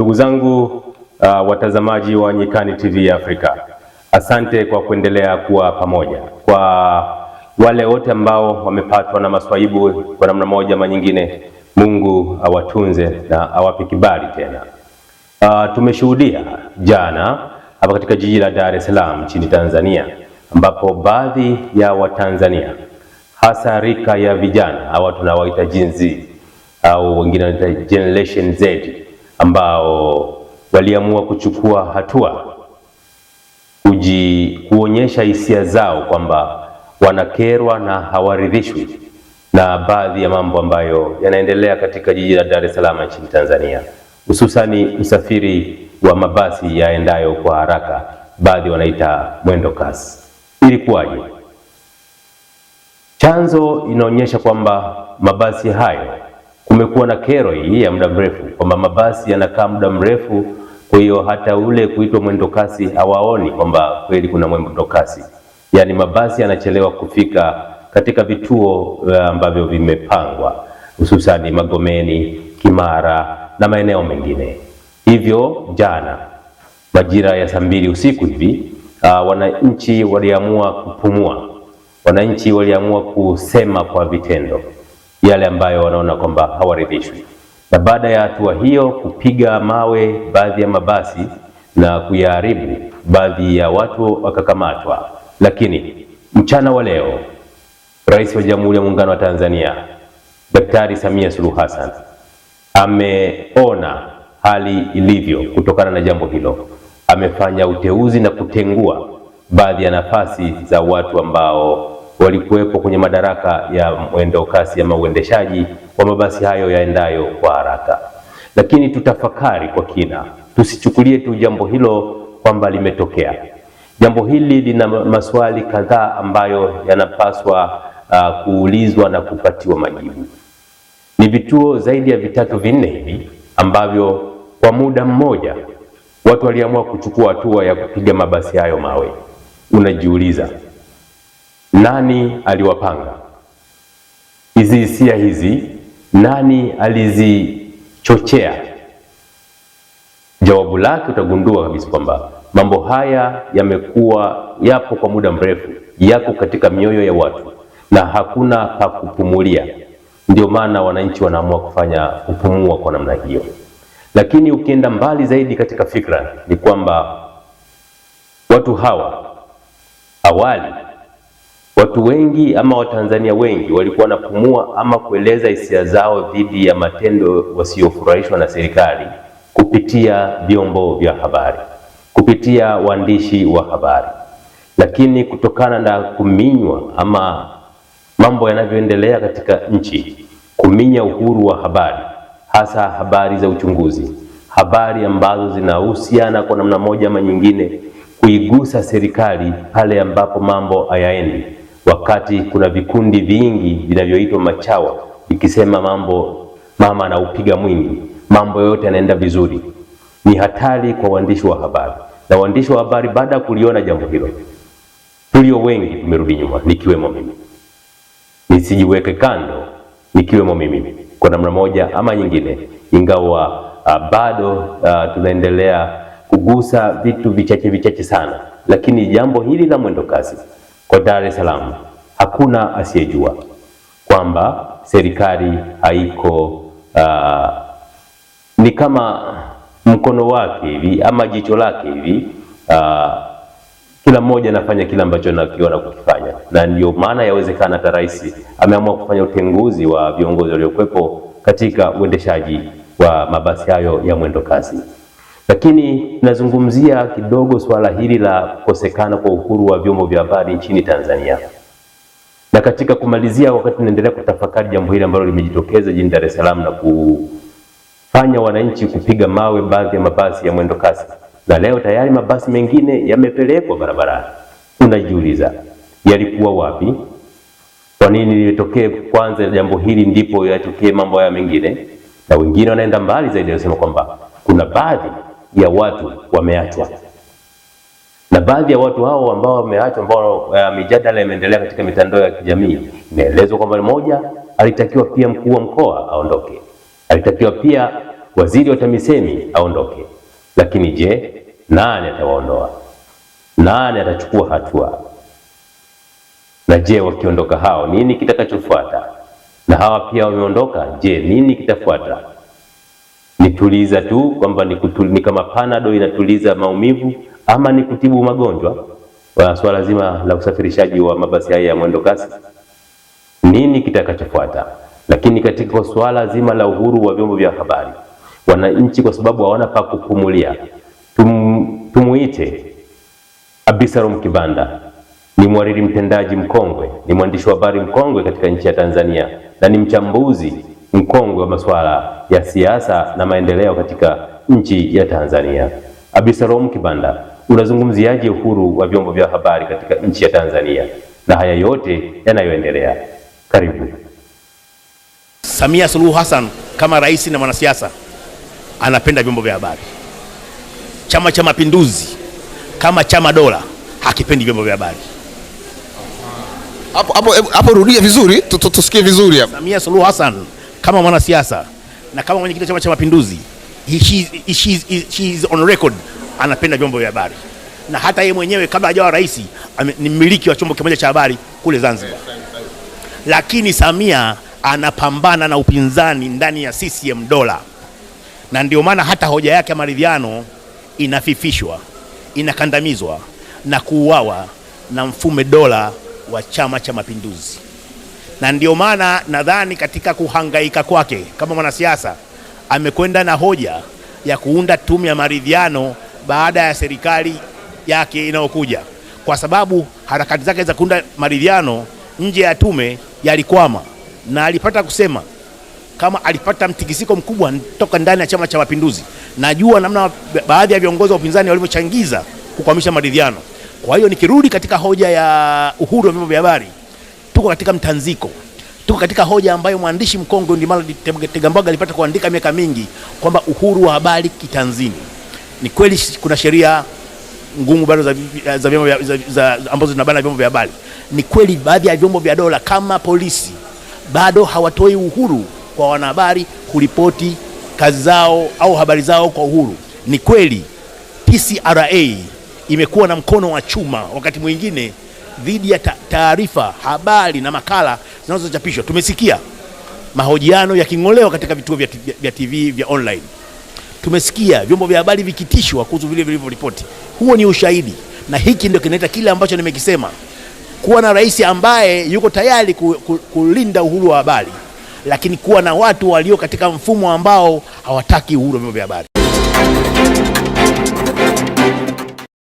Ndugu zangu uh, watazamaji wa Nyikani TV Afrika, asante kwa kuendelea kuwa pamoja. Kwa wale wote ambao wamepatwa na maswaibu kwa namna moja ama nyingine, Mungu awatunze na awape kibali tena. Uh, tumeshuhudia jana hapa katika jiji la Dar es Salaam nchini Tanzania ambapo baadhi ya Watanzania hasa rika ya vijana au tunawaita Gen Z au wengine wanaita Generation Z ambao waliamua kuchukua hatua kuji kuonyesha hisia zao kwamba wanakerwa na hawaridhishwi na baadhi ya mambo ambayo yanaendelea katika jiji la Dar es Salaam nchini Tanzania, hususani usafiri wa mabasi yaendayo kwa haraka, baadhi wanaita mwendo kasi. Ilikuwaje? Chanzo inaonyesha kwamba mabasi hayo kumekuwa na kero hii ya muda mrefu kwamba mabasi yanakaa muda mrefu, kwa hiyo hata ule kuitwa mwendokasi hawaoni kwamba kweli kuna mwendokasi, yaani mabasi yanachelewa kufika katika vituo eh, ambavyo vimepangwa, hususani Magomeni, Kimara na maeneo mengine. Hivyo jana majira ya saa mbili usiku hivi uh, wananchi waliamua kupumua, wananchi waliamua kusema kwa vitendo yale ambayo wanaona kwamba hawaridhishwi. Na baada ya hatua hiyo kupiga mawe baadhi ya mabasi na kuyaharibu, baadhi ya watu wakakamatwa. Lakini mchana wa leo Rais wa Jamhuri ya Muungano wa Tanzania Daktari Samia Suluhu Hassan ameona hali ilivyo. Kutokana na jambo hilo, amefanya uteuzi na kutengua baadhi ya nafasi za watu ambao walikuwepo kwenye madaraka ya mwendo kasi ama uendeshaji wa mabasi hayo yaendayo kwa haraka. Lakini tutafakari kwa kina, tusichukulie tu jambo hilo kwamba limetokea. Jambo hili lina maswali kadhaa ambayo yanapaswa uh, kuulizwa na kupatiwa majibu. Ni vituo zaidi ya vitatu vinne hivi ambavyo kwa muda mmoja watu waliamua kuchukua hatua ya kupiga mabasi hayo mawe. Unajiuliza, nani aliwapanga? Hizi hisia hizi nani alizichochea? Jawabu lake utagundua kabisa kwamba mambo haya yamekuwa yapo kwa muda mrefu, yako katika mioyo ya watu na hakuna pa kupumulia. Ndio maana wananchi wanaamua kufanya kupumua kwa namna hiyo. Lakini ukienda mbali zaidi katika fikra, ni kwamba watu hawa awali Watu wengi ama Watanzania wengi walikuwa wanapumua ama kueleza hisia zao dhidi ya matendo wasiyofurahishwa na serikali kupitia vyombo vya habari, kupitia waandishi wa habari, lakini kutokana na kuminywa ama mambo yanavyoendelea katika nchi, kuminya uhuru wa habari, hasa habari za uchunguzi, habari ambazo zinahusiana kwa namna moja ama nyingine kuigusa serikali pale ambapo mambo hayaendi wakati kuna vikundi vingi vinavyoitwa machawa vikisema mambo mama anaupiga mwingi, mambo yote yanaenda vizuri. Ni hatari kwa waandishi wa habari na waandishi wa habari, baada ya kuliona jambo hilo, tulio wengi tumerudi nyuma, nikiwemo mimi. Nisijiweke kando, nikiwemo mimi kwa namna moja ama nyingine, ingawa uh, bado uh, tunaendelea kugusa vitu vichache vichache sana, lakini jambo hili la mwendo kasi kwa Dar es Salaam, hakuna asiyejua kwamba serikali haiko uh, ni kama mkono wake hivi ama jicho lake hivi uh, kila mmoja anafanya kile ambacho anakiona kukifanya, na ndio maana yawezekana hata rais ameamua kufanya utenguzi wa viongozi waliokuwepo katika uendeshaji wa mabasi hayo ya mwendo kasi. Lakini nazungumzia kidogo swala hili la kukosekana kwa uhuru wa vyombo vya habari nchini Tanzania. Na katika kumalizia, wakati naendelea kutafakari jambo hili ambalo limejitokeza jijini Dar es Salaam na kufanya wananchi kupiga mawe baadhi ya mabasi ya mwendo kasi, na leo tayari mabasi mengine yamepelekwa barabarani, unajiuliza yalikuwa wapi? Kwa nini litokee kwanza jambo hili ndipo yatokee mambo haya mengine? Na wengine wanaenda mbali zaidi, wanasema kwamba kuna baadhi ya watu wameachwa, na baadhi ya watu hao ambao wameachwa, ambao uh, mijadala imeendelea katika mitandao ya kijamii, imeelezwa kwamba mmoja alitakiwa pia mkuu wa mkoa aondoke, alitakiwa pia waziri wa TAMISEMI aondoke. Lakini je, nani atawaondoa? Nani atachukua hatua? Na je, wakiondoka hao, nini kitakachofuata? Na hawa pia wameondoka, je, nini kitafuata? nituliza tu kwamba ni, ni kama panado inatuliza maumivu ama ni kutibu magonjwa. Kwa swala zima la usafirishaji wa mabasi haya ya mwendo kasi, nini kitakachofuata? Lakini katika swala zima la uhuru wa vyombo vya habari, wananchi kwa sababu hawana pa kupumulia, tum, tumuite Abdulsalam Kibanda ni mwariri mtendaji mkongwe, ni mwandishi wa habari mkongwe katika nchi ya Tanzania na ni mchambuzi mkongwe wa masuala ya siasa na maendeleo katika nchi ya Tanzania. Abisalomu Kibanda, unazungumziaje uhuru wa vyombo vya habari katika nchi ya Tanzania na haya yote yanayoendelea? Karibu. Samia Suluhu Hassan kama rais na mwanasiasa anapenda vyombo vya habari. Chama cha Mapinduzi kama chama dola hakipendi vyombo vya habari. Hapo hapo hapo, rudia vizuri tusikie vizuri hapo. Samia Suluhu Hassan kama mwanasiasa na kama mwenyekiti wa Chama cha Mapinduzi, she is on record anapenda vyombo vya habari, na hata yeye mwenyewe kabla hajawa rais ni mmiliki wa chombo kimoja cha habari kule Zanzibar. Lakini Samia anapambana na upinzani ndani ya CCM dola, na ndio maana hata hoja yake ya maridhiano inafifishwa, inakandamizwa na kuuawa na mfume dola wa Chama cha Mapinduzi na ndio maana nadhani katika kuhangaika kwake kama mwanasiasa amekwenda na hoja ya kuunda tume ya maridhiano baada ya serikali yake inayokuja, kwa sababu harakati zake za kuunda maridhiano nje ya tume yalikwama, na alipata kusema kama alipata mtikisiko mkubwa toka ndani ya Chama cha Mapinduzi. Najua namna baadhi ya viongozi wa upinzani walivyochangiza kukwamisha maridhiano. Kwa hiyo nikirudi katika hoja ya uhuru wa vyombo vya habari tuko katika mtanziko, tuko katika hoja ambayo mwandishi mkongwe Ndimalo Tegambwaga alipata kuandika miaka mingi kwamba uhuru wa habari kitanzini. Ni kweli kuna sheria ngumu bado za, za, za, za, ambazo zinabana vyombo vya habari. Ni kweli baadhi ya vyombo vya dola kama polisi bado hawatoi uhuru kwa wanahabari kuripoti kazi zao au habari zao kwa uhuru. Ni kweli TCRA imekuwa na mkono wa chuma wakati mwingine dhidi ya taarifa, habari na makala zinazochapishwa. Tumesikia mahojiano yaking'olewa katika vituo vya TV vya, TV, vya online. Tumesikia vyombo vya habari vikitishwa kuhusu vile vilivyoripoti. Huo ni ushahidi, na hiki ndio kinaleta kile ambacho nimekisema, kuwa na rais ambaye yuko tayari ku, ku, kulinda uhuru wa habari, lakini kuwa na watu walio katika mfumo ambao hawataki uhuru wa vyombo vya habari.